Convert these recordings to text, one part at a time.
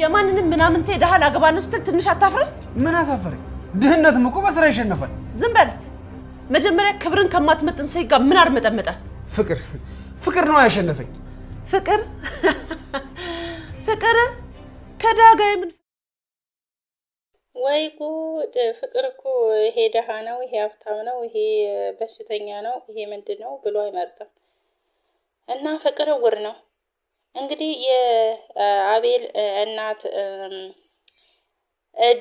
የማንንም ምናምን ትሄዳሃል አገባን ስትል ትንሽ አታፍርም? ምን አሳፈረኝ? ድህነትም እኮ በስራ ይሸነፋል። ዝም በል። መጀመሪያ ክብርን ከማትመጥን ሴት ጋር ምን አርመጠመጠ? ፍቅር ፍቅር ነው ያሸነፈኝ። ፍቅር ፍቅር ከዳጋ የምን ወይ ጉድ! ፍቅር እኮ ይሄ ደሃ ነው፣ ይሄ ሀብታም ነው፣ ይሄ በሽተኛ ነው፣ ይሄ ምንድን ነው ብሎ አይመርጥም። እና ፍቅር እውር ነው። እንግዲህ የአቤል እናት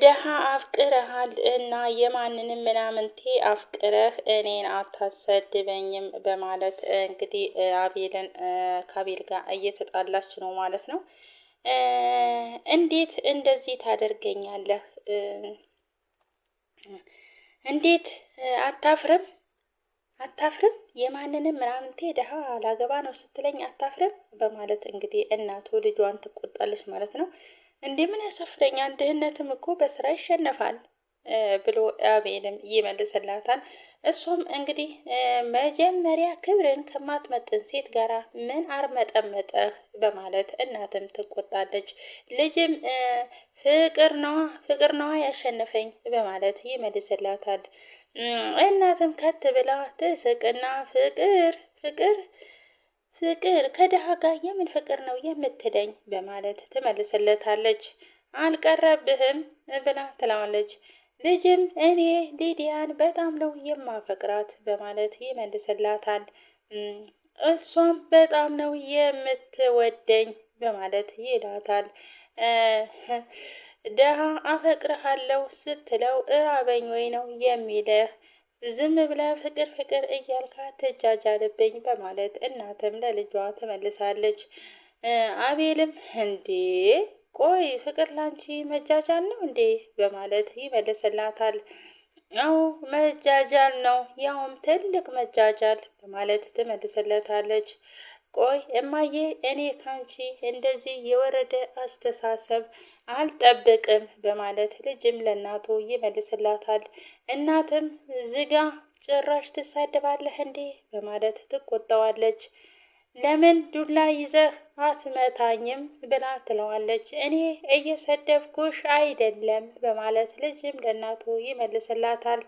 ደሃ አፍቅረሃል እና የማንንም ምናምንቴ አፍቅረህ እኔን አታሰድበኝም በማለት እንግዲህ አቤልን ከአቤል ጋር እየተጣላች ነው ማለት ነው። እንዴት እንደዚህ ታደርገኛለህ? እንዴት አታፍርም? አታፍርም የማንንም ምናምንቴ ድሀ ላገባ ነው ስትለኝ አታፍርም በማለት እንግዲህ እናቱ ልጇን ትቆጣለች ማለት ነው። ምን ያሳፍረኛል ድህነትም እኮ በስራ ይሸነፋል ብሎ አቤልም ይመልስላታል። እሷም እንግዲህ መጀመሪያ ክብርን ከማትመጥን ሴት ጋራ ምን አርመጠመጠህ በማለት እናትም ትቆጣለች። ልጅም ፍቅር ነዋ ፍቅር ነዋ ያሸነፈኝ በማለት ይመልስላታል። እናትም ከት ብላ ትስቅና ፍቅር ፍቅር ፍቅር ከድሃ ጋር የምን ፍቅር ነው የምትለኝ በማለት ትመልስለታለች። አልቀረብህም ብላ ትለዋለች። ልጅም እኔ ሊዲያን በጣም ነው የማፈቅራት በማለት ይመልስላታል። እሷም በጣም ነው የምትወደኝ በማለት ይላታል። ድሃ አፈቅርሃለሁ ስትለው እራበኝ ወይ ነው የሚልህ ዝም ብለ ፍቅር ፍቅር እያልካ ትጃጃልብኝ በማለት እናትም ለልጇ ትመልሳለች። አቤልም እንዴ ቆይ ፍቅር ላንቺ መጃጃል ነው እንዴ በማለት ይመልስላታል። አዎ መጃጃል ነው ያውም ትልቅ መጃጃል በማለት ትመልስለታለች። ቆይ እማዬ፣ እኔ ካንቺ እንደዚህ የወረደ አስተሳሰብ አልጠብቅም በማለት ልጅም ለእናቱ ይመልስላታል። እናትም ዝጋ፣ ጭራሽ ትሳደባለህ እንዴ በማለት ትቆጣዋለች። ለምን ዱላ ይዘህ አትመታኝም ብላ ትለዋለች። እኔ እየሰደብኩሽ አይደለም በማለት ልጅም ለእናቱ ይመልስላታል።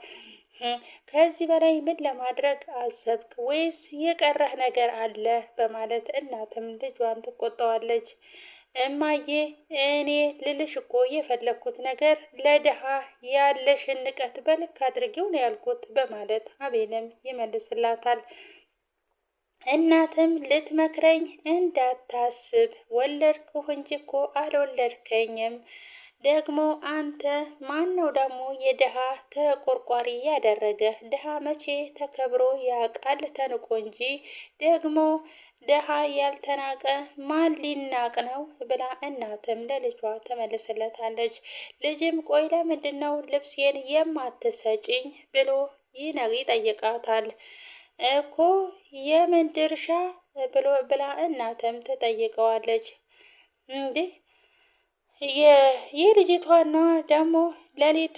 ከዚህ በላይ ምን ለማድረግ አሰብክ? ወይስ የቀረህ ነገር አለ? በማለት እናትም ልጇን ትቆጣዋለች። እማዬ እኔ ልልሽ እኮ የፈለግኩት ነገር ለድሃ ያለሽን ንቀት በልክ አድርጊው ነው ያልኩት በማለት አቤልም ይመልስላታል። እናትም ልትመክረኝ እንዳታስብ ወለድኩህ እንጂ እኮ አልወለድከኝም ደግሞ አንተ ማን ነው ደግሞ የድሃ ተቆርቋሪ ያደረገ? ድሃ መቼ ተከብሮ ያቃል ተንቆ እንጂ ደግሞ ድሃ ያልተናቀ ማን ሊናቅ ነው ብላ እናትም ለልጇ ተመልስለታለች። ልጅም ቆይ ለምንድን ነው ልብሴን የማትሰጪኝ ብሎ ይጠይቃታል። እኮ የምን ድርሻ ብሎ ብላ እናትም ትጠይቀዋለች። እንዲህ ይህ ልጅቷን ደግሞ ሌሊት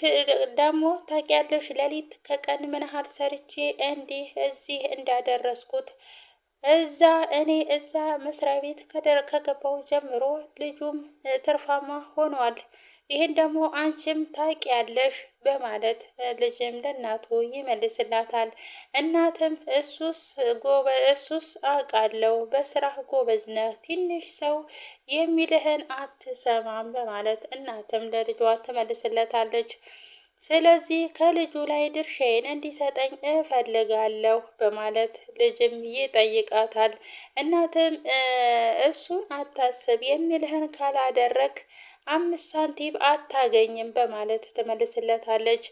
ደግሞ ታውቂያለሽ ሌሊት ከቀን ምን ያህል ሰርቼ እንዲህ እዚህ እንዳደረስኩት እዛ እኔ እዛ መስሪያ ቤት ከደረ ከገባው ጀምሮ ልጁም ትርፋማ ሆኗል። ይህን ደግሞ አንቺም ታውቂያለሽ በማለት ልጅም ለእናቱ ይመልስላታል። እናትም እሱስ ጎበ እሱስ አውቃለሁ በስራ ጎበዝ ነህ፣ ትንሽ ሰው የሚልህን አትሰማም በማለት እናትም ለልጇ ትመልስለታለች። ስለዚህ ከልጁ ላይ ድርሻዬን እንዲሰጠኝ እፈልጋለሁ በማለት ልጅም ይጠይቃታል። እናትም እሱን አታስብ የሚልህን ካላደረግ አምስት ሳንቲም አታገኝም በማለት ትመልስለታለች።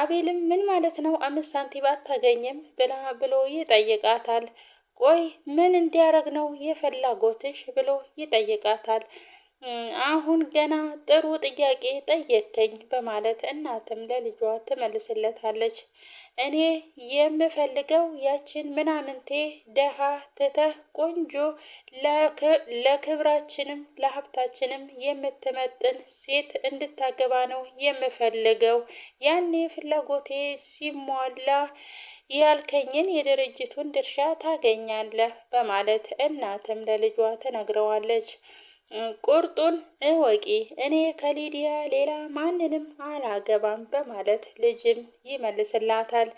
አቤልም ምን ማለት ነው አምስት ሳንቲም አታገኝም ብላ ብሎ ይጠይቃታል። ቆይ ምን እንዲያደረግ ነው የፍላጎትሽ ብሎ ይጠይቃታል። አሁን ገና ጥሩ ጥያቄ ጠየከኝ በማለት እናትም ለልጇ ትመልስለታለች። እኔ የምፈልገው ያችን ምናምንቴ ደሃ ትተህ ቆንጆ ለክብራችንም ለሀብታችንም የምትመጥን ሴት እንድታገባ ነው የምፈልገው። ያኔ ፍላጎቴ ሲሟላ ያልከኝን የድርጅቱን ድርሻ ታገኛለህ በማለት እናትም ለልጇ ትነግረዋለች። ቁርጡን እወቂ፣ እኔ ከሊዲያ ሌላ ማንንም አላገባም በማለት ልጅም ይመልስላታል።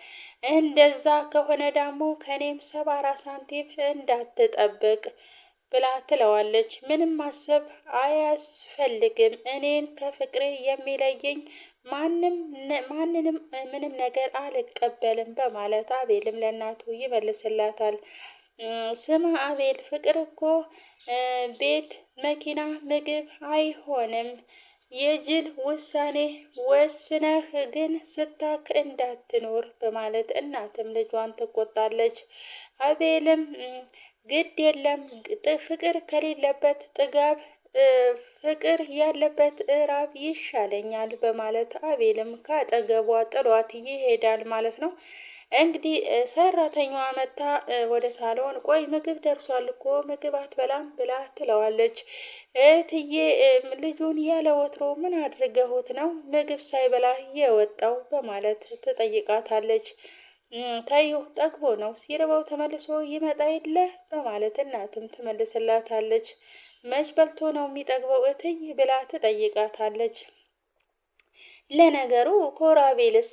እንደዛ ከሆነ ደግሞ ከእኔም ሰባራ ሳንቲም እንዳትጠብቅ ብላ ትለዋለች። ምንም ማሰብ አያስፈልግም፣ እኔን ከፍቅሬ የሚለየኝ ማንንም ምንም ነገር አልቀበልም በማለት አቤልም ለእናቱ ይመልስላታል። ስማ አቤል ፍቅር እኮ ቤት፣ መኪና፣ ምግብ አይሆንም። የጅል ውሳኔ ወስነህ ግን ስታክ እንዳትኖር በማለት እናትም ልጇን ትቆጣለች። አቤልም ግድ የለም ፍቅር ከሌለበት ጥጋብ ፍቅር ያለበት እራብ ይሻለኛል በማለት አቤልም ከአጠገቧ ጥሏት ይሄዳል ማለት ነው። እንግዲህ ሰራተኛዋ መታ ወደ ሳሎን ቆይ ምግብ ደርሷል እኮ ምግብ አትበላም ብላ ትለዋለች። እትዬ ልጁን ያለ ወትሮ ምን አድርገሁት ነው ምግብ ሳይበላ የወጣው በማለት ትጠይቃታለች። ታዩ ጠግቦ ነው ሲርበው ተመልሶ ይመጣ የለ በማለት እናትም ትመልስላታለች። መች በልቶ ነው የሚጠግበው እትይ ብላ ትጠይቃታለች። ለነገሩ ኮራቤልስ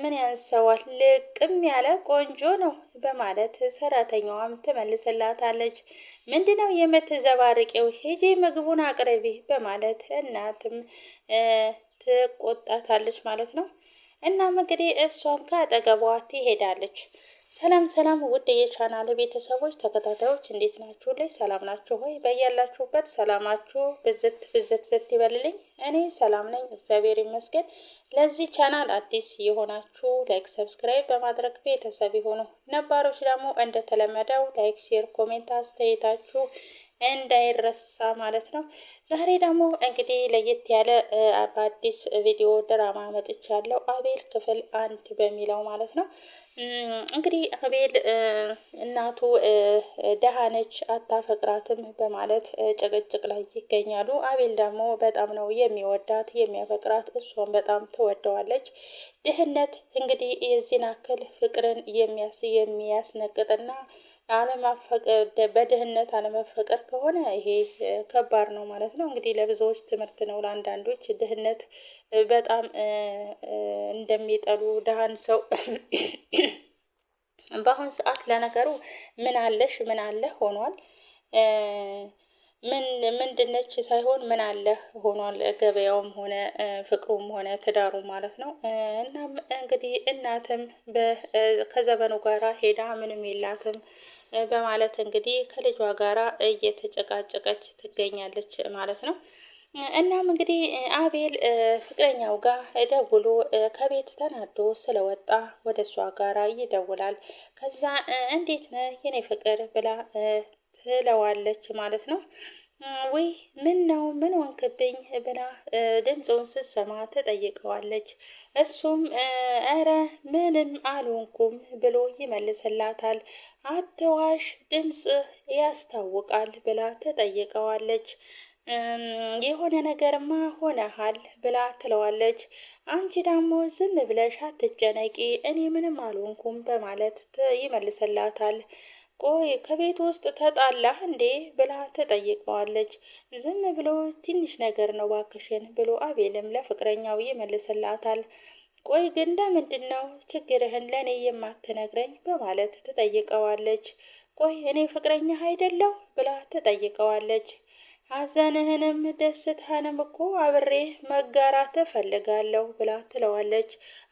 ምን ያንሰዋል? ልቅም ያለ ቆንጆ ነው በማለት ሰራተኛዋም ትመልስላታለች። ምንድነው የምትዘባርቂው? ሄጄ ምግቡን አቅርቢ በማለት እናትም ትቆጣታለች ማለት ነው። እናም እንግዲህ እሷም ከአጠገቧ ትሄዳለች። ሰላም ሰላም ውድ የቻናል ቤተሰቦች ተከታታዮች እንዴት ናችሁ? ላይ ሰላም ናችሁ ሆይ? በያላችሁበት ሰላማችሁ ብዝት ብዝት ዝት ይበልልኝ። እኔ ሰላም ነኝ፣ እግዚአብሔር ይመስገን። ለዚህ ቻናል አዲስ የሆናችሁ ላይክ፣ ሰብስክራይብ በማድረግ ቤተሰብ የሆኑ ነባሮች ደግሞ እንደተለመደው ላይክ፣ ሼር፣ ኮሜንት አስተያየታችሁ እንዳይረሳ ማለት ነው። ዛሬ ደግሞ እንግዲህ ለየት ያለ በአዲስ ቪዲዮ ድራማ መጥቻለሁ። አቤል ክፍል አንድ በሚለው ማለት ነው። እንግዲህ አቤል እናቱ ደሃ ነች፣ አታፈቅራትም በማለት ጭቅጭቅ ላይ ይገኛሉ። አቤል ደግሞ በጣም ነው የሚወዳት የሚያፈቅራት፣ እሷን በጣም ትወደዋለች። ድህነት እንግዲህ የዚህን አክል ፍቅርን የሚያስነቅጥና አለማፈቀር በድህነት አለመፈቀር ከሆነ ይሄ ከባድ ነው ማለት ነው። እንግዲህ ለብዙዎች ትምህርት ነው። ለአንዳንዶች ድህነት በጣም እንደሚጠሉ ድሃን ሰው በአሁን ሰዓት ለነገሩ ምን አለሽ ምን አለ ሆኗል። ምን ምንድነች ሳይሆን ምን አለ ሆኗል። ገበያውም ሆነ ፍቅሩም ሆነ ትዳሩ ማለት ነው። እናም እንግዲህ እናትም ከዘመኑ ጋራ ሄዳ ምንም የላትም በማለት እንግዲህ ከልጇ ጋራ እየተጨቃጨቀች ትገኛለች ማለት ነው። እናም እንግዲህ አቤል ፍቅረኛው ጋር ደውሎ ከቤት ተናዶ ስለወጣ ወደ እሷ ጋራ ይደውላል። ከዛ እንዴት ነህ የኔ ፍቅር ብላ ትለዋለች ማለት ነው። ወይ ምን ነው ምን ወንክብኝ ብላ ድምፁን ስትሰማ ትጠይቀዋለች። እሱም እረ ምንም አልሆንኩም ብሎ ይመልስላታል። አትዋሽ፣ ድምፅ ያስታውቃል ብላ ትጠይቀዋለች። የሆነ ነገርማ ሆነሃል ብላ ትለዋለች። አንቺ ደግሞ ዝም ብለሽ አትጨነቂ፣ እኔ ምንም አልሆንኩም በማለት ይመልስላታል። ቆይ ከቤት ውስጥ ተጣላህ እንዴ ብላ ትጠይቀዋለች። ዝም ብሎ ትንሽ ነገር ነው ባክሽን ብሎ አቤልም ለፍቅረኛው ይመልስላታል። ቆይ ግን ለምንድን ነው ችግርህን ለእኔ የማትነግረኝ በማለት ትጠይቀዋለች። ቆይ እኔ ፍቅረኛህ አይደለሁ ብላ ትጠይቀዋለች። ሐዘንህንም ደስታንም እኮ አብሬ መጋራት እፈልጋለሁ ብላ ትለዋለች።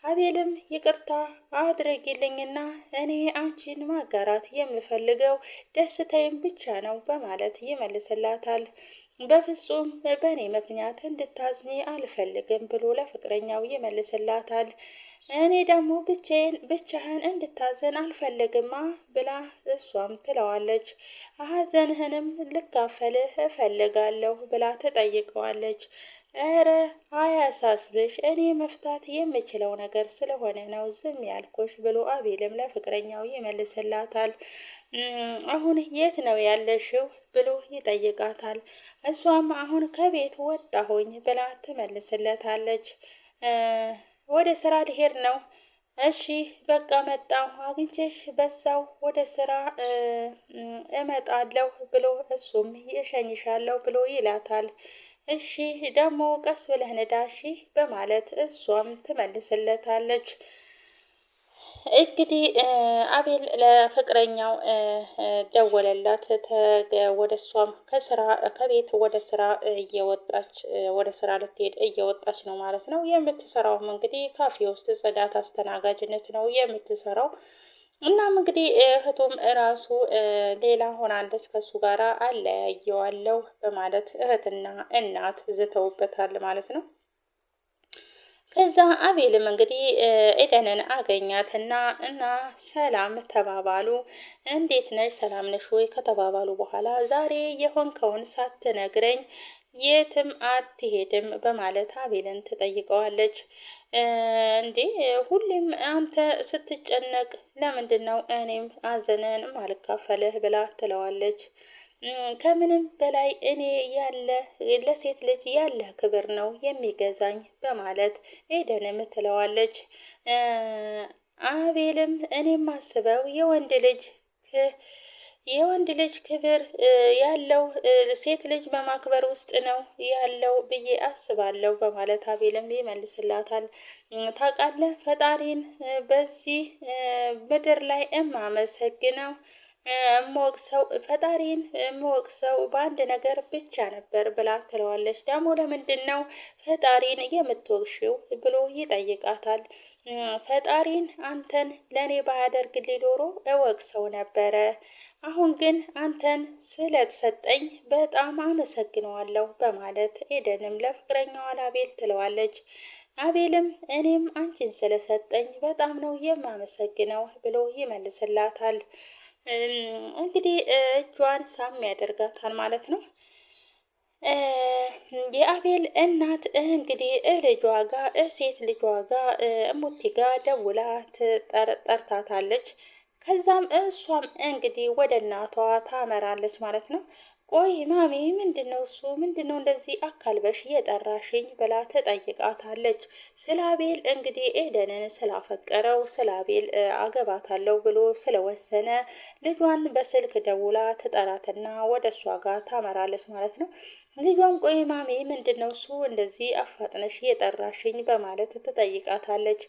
አቤልም ይቅርታ አድርጊልኝና እኔ አንቺን ማጋራት የምፈልገው ደስታዬን ብቻ ነው በማለት ይመልስላታል። በፍጹም በእኔ ምክንያት እንድታዝኝ አልፈልግም ብሎ ለፍቅረኛው ይመልስላታል። እኔ ደግሞ ብቻህን እንድታዘን አልፈልግማ ብላ እሷም ትለዋለች። ሐዘንህንም ልካፈልህ እፈልጋለሁ ብላ ትጠይቀዋለች። እረ አያሳስብሽ፣ እኔ መፍታት የምችለው ነገር ስለሆነ ነው ዝም ያልኩሽ ብሎ አቤልም ለፍቅረኛው ይመልስላታል። አሁን የት ነው ያለሽው ብሎ ይጠይቃታል። እሷም አሁን ከቤት ወጣሁኝ ብላ ትመልስለታለች። ወደ ስራ ልሄድ ነው። እሺ በቃ መጣሁ አግኝቼሽ በዛው ወደ ስራ እመጣለሁ ብሎ እሱም እሸኝሻለሁ ብሎ ይላታል። እሺ ደግሞ ቀስ ብለህ ንዳ እሺ በማለት እሷም ትመልስለታለች። እንግዲህ አቤል ለፍቅረኛው ደወለላት። ወደ እሷም ከስራ ከቤት ወደ ስራ እየወጣች ወደ ስራ ልትሄድ እየወጣች ነው ማለት ነው። የምትሰራውም እንግዲህ ካፌ ውስጥ ጽዳት አስተናጋጅነት ነው የምትሰራው። እናም እንግዲህ እህቱም እራሱ ሌላ ሆናለች ከሱ ጋራ አለያየዋለሁ በማለት እህትና እናት ዝተውበታል ማለት ነው። ከዛ አቤልም እንግዲህ ኤደንን አገኛትና እና ሰላም ተባባሉ። እንዴት ነሽ ሰላም ነሽ ወይ ከተባባሉ በኋላ ዛሬ የሆንከውን ሳትነግረኝ የትም አትሄድም በማለት አቤልን ትጠይቀዋለች። እንዴ ሁሌም አንተ ስትጨነቅ ለምንድን ነው እኔም አዘነን ማልካፈልህ ብላ ትለዋለች። ከምንም በላይ እኔ ያለ ለሴት ልጅ ያለ ክብር ነው የሚገዛኝ በማለት ኤደንም ትለዋለች። አቤልም እኔም ማስበው የወንድ ልጅ የወንድ ልጅ ክብር ያለው ሴት ልጅ በማክበር ውስጥ ነው ያለው ብዬ አስባለሁ በማለት አቤልም ይመልስላታል። ታውቃለህ ፈጣሪን በዚህ ምድር ላይ እማመሰግነው ሞቅሰው ፈጣሪን ሞቅሰው በአንድ ነገር ብቻ ነበር ብላ ትለዋለች። ደግሞ ለምንድን ነው ፈጣሪን የምትወቅሽው ብሎ ይጠይቃታል። ፈጣሪን አንተን ለእኔ ባያደርግ ኖሮ እወቅሰው ነበረ። አሁን ግን አንተን ስለተሰጠኝ በጣም አመሰግነዋለሁ በማለት ኤደንም ለፍቅረኛዋ ላቤል ትለዋለች። አቤልም እኔም አንቺን ስለሰጠኝ በጣም ነው የማመሰግነው ብሎ ይመልስላታል። እንግዲህ እጇን ሳም ያደርጋታል ማለት ነው። የአቤል እናት እንግዲህ ልጇ ጋ ሴት ልጇ ጋ እሙቲ ጋ ደውላ ትጠርታታለች። ከዛም እሷም እንግዲህ ወደ እናቷ ታመራለች ማለት ነው። ቆይ ማሚ ምንድን ነው እሱ ምንድን ነው እንደዚህ አካልበሽ የጠራሽኝ ብላ ተጠይቃታለች። ስላቤል እንግዲህ ኤደንን ስላፈቀረው ስላቤል አቤል አገባታለሁ ብሎ ስለወሰነ ልጇን በስልክ ደውላ ትጠራትና ወደ እሷ ጋር ታመራለች ማለት ነው። ልጇን ቆይ ማሜ ምንድን ነው እሱ እንደዚህ አፋጥነሽ የጠራሽኝ? በማለት ትጠይቃታለች።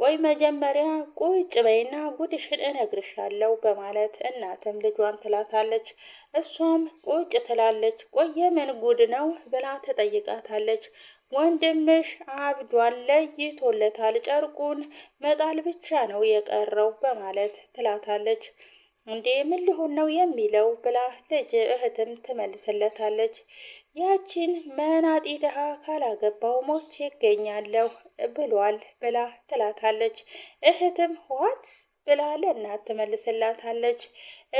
ቆይ መጀመሪያ ቁጭ በይና ጉድሽን እነግርሻለሁ በማለት እናትም ልጇን ትላታለች። እሷም ቁጭ ትላለች። ቆይ የምን ጉድ ነው ብላ ትጠይቃታለች። ወንድምሽ አብዷል፣ ለይቶለታል፣ ጨርቁን መጣል ብቻ ነው የቀረው በማለት ትላታለች። እንዴ ምን ሊሆን ነው የሚለው ብላ ልጅ እህትም ትመልስለታለች። ያችን መናጢ ድሃ ካላገባው ሞቼ ይገኛለሁ ብሏል ብላ ትላታለች። እህትም ዋት ብላ ለእናት ትመልስላታለች።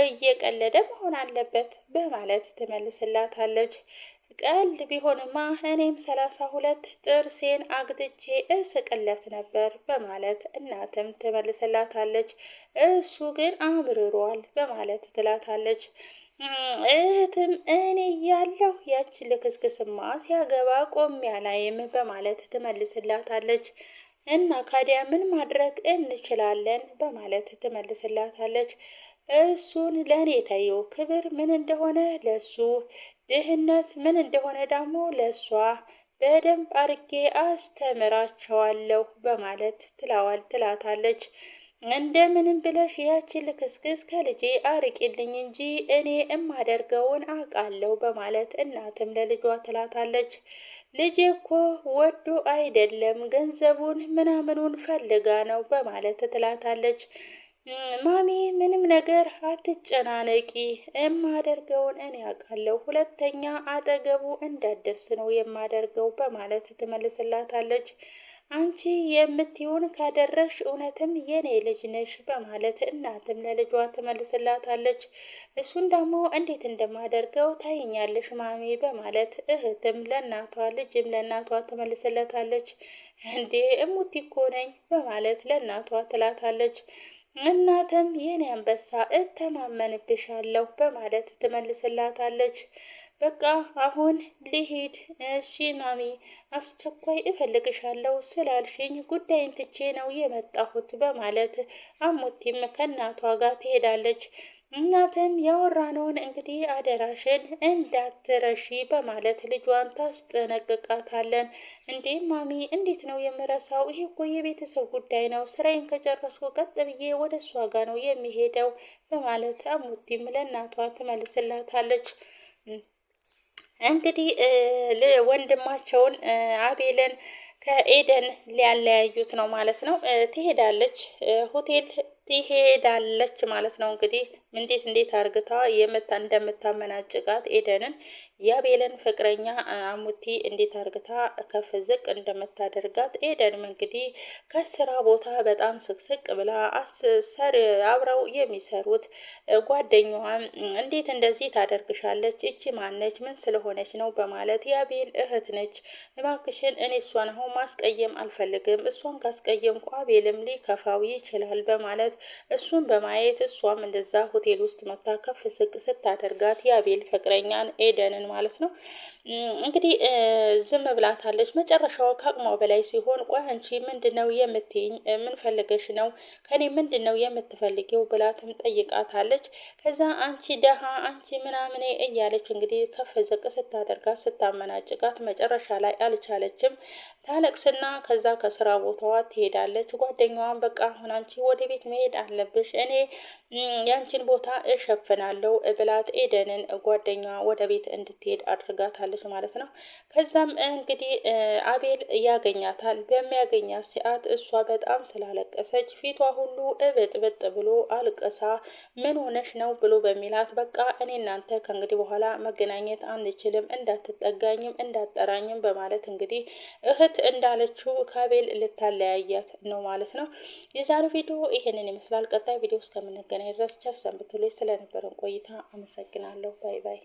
እየቀለደ መሆን አለበት በማለት ትመልስላታለች። ቀልድ ቢሆንማ እኔም ሰላሳ ሁለት ጥርሴን አግድቼ እስቅለት ነበር በማለት እናትም ትመልስላታለች። እሱ ግን አምርሯል በማለት ትላታለች። እህትም እኔ እያለሁ ያች ልክስክስማ ሲያገባ ቆሚያ ላይም በማለት ትመልስላታለች። እና ካዲያ ምን ማድረግ እንችላለን በማለት ትመልስላታለች። እሱን ለእኔ ተየው፣ ክብር ምን እንደሆነ ለሱ፣ ድህነት ምን እንደሆነ ደግሞ ለሷ በደንብ አርጌ አስተምራቸዋለሁ በማለት ትላዋል ትላታለች። እንደምንም ብለሽ ያቺ ልክስክስ ከልጄ አርቂልኝ እንጂ እኔ እማደርገውን አውቃለሁ በማለት እናትም ለልጇ ትላታለች። ልጄ እኮ ወዶ አይደለም ገንዘቡን ምናምኑን ፈልጋ ነው በማለት ትላታለች። ማሚ ምንም ነገር አትጨናነቂ፣ የማደርገውን እኔ አውቃለሁ፣ ሁለተኛ አጠገቡ እንዳደርስ ነው የማደርገው በማለት ትመልስላታለች። አንቺ የምትሆን ካደረሽ እውነትም የኔ ልጅ ነሽ በማለት እናትም ለልጇ ትመልስላታለች። እሱን ደግሞ እንዴት እንደማደርገው ታይኛለሽ ማሚ በማለት እህትም ለእናቷ ልጅም ለእናቷ ትመልስለታለች። እንዴ እሙት እኮ ነኝ በማለት ለእናቷ ትላታለች። እናትም የኔ አንበሳ እተማመንብሻለሁ በማለት ትመልስላታለች። በቃ አሁን ልሂድ። እሺ ማሚ አስቸኳይ እፈልግሻለሁ ስላልሽኝ ጉዳይን ትቼ ነው የመጣሁት በማለት አሞቲም ከእናቷ ጋር ትሄዳለች። እናትም ያወራነውን እንግዲህ አደራሽን እንዳትረሺ በማለት ልጇን ታስጠነቅቃታለን። እንዴ ማሚ እንዴት ነው የምረሳው? ይሄ እኮ የቤተሰብ ጉዳይ ነው። ስራዬን ከጨረስኩ ቀጥ ብዬ ወደ እሷ ጋር ነው የሚሄደው በማለት አሞቲም ለእናቷ ትመልስላታለች። እንግዲህ ወንድማቸውን አቤልን ከኤደን ሊያለያዩት ነው ማለት ነው። ትሄዳለች ሆቴል ትሄዳለች ማለት ነው። እንግዲህ እንዴት እንዴት አርግታ የምታ እንደምታመናጭቃት ኤደንን የአቤልን ፍቅረኛ አሙቲ እንዴት አርግታ ከፍ ዝቅ እንደምታደርጋት ኤደንም እንግዲህ ከስራ ቦታ በጣም ስቅስቅ ብላ አስሰር አብረው የሚሰሩት ጓደኛዋን እንዴት እንደዚህ ታደርግሻለች? እቺ ማነች? ምን ስለሆነች ነው? በማለት የአቤል እህት ነች፣ እባክሽን እኔ እሷን አሁን ማስቀየም አልፈልግም፣ እሷን ካስቀየምኩ አቤልም ሊከፋው ይችላል በማለት እሱን በማየት እሷም እንደዛ ሆቴል ውስጥ መታ ከፍ ስቅ ስታደርጋት የአቤል ፍቅረኛን ኤደንን ማለት ነው። እንግዲህ ዝም ብላታለች። መጨረሻው ከአቅሟ በላይ ሲሆን ቆይ አንቺ ምንድን ነው የምትይኝ? ምን ፈልገሽ ነው? ከኔ ምንድን ነው የምትፈልጊው? ብላትም ጠይቃታለች። ከዛ አንቺ ደሃ፣ አንቺ ምናምኔ እያለች እንግዲህ ከፍ ዝቅ ስታደርጋት ስታመናጭቃት መጨረሻ ላይ አልቻለችም። ታለቅስና ከዛ ከስራ ቦታዋ ትሄዳለች። ጓደኛዋን በቃ አሁን አንቺ ወደ ቤት መሄድ አለብሽ፣ እኔ ያንቺን ቦታ እሸፍናለሁ ብላት ኤደንን ጓደኛዋ ወደ ቤት እንድትሄድ አድርጋታለች ማለት ነው። ከዛም እንግዲህ አቤል ያገኛታል። በሚያገኛት ሰዓት እሷ በጣም ስላለቀሰች ፊቷ ሁሉ እብጥብጥ ብሎ አልቀሳ ምን ሆነሽ ነው ብሎ በሚላት በቃ እኔ እናንተ ከእንግዲህ በኋላ መገናኘት አንችልም፣ እንዳትጠጋኝም እንዳጠራኝም በማለት እንግዲህ እህት እውነት እንዳለችው ካቤል ልታለያያት ነው ማለት ነው። የዛሬው ቪዲዮ ይሄንን ይመስላል። ቀጣይ ቪዲዮ እስከምንገናኝ ድረስ ቸር ሰንብቱ። ስለነበረን ቆይታ አመሰግናለሁ። ባይ ባይ።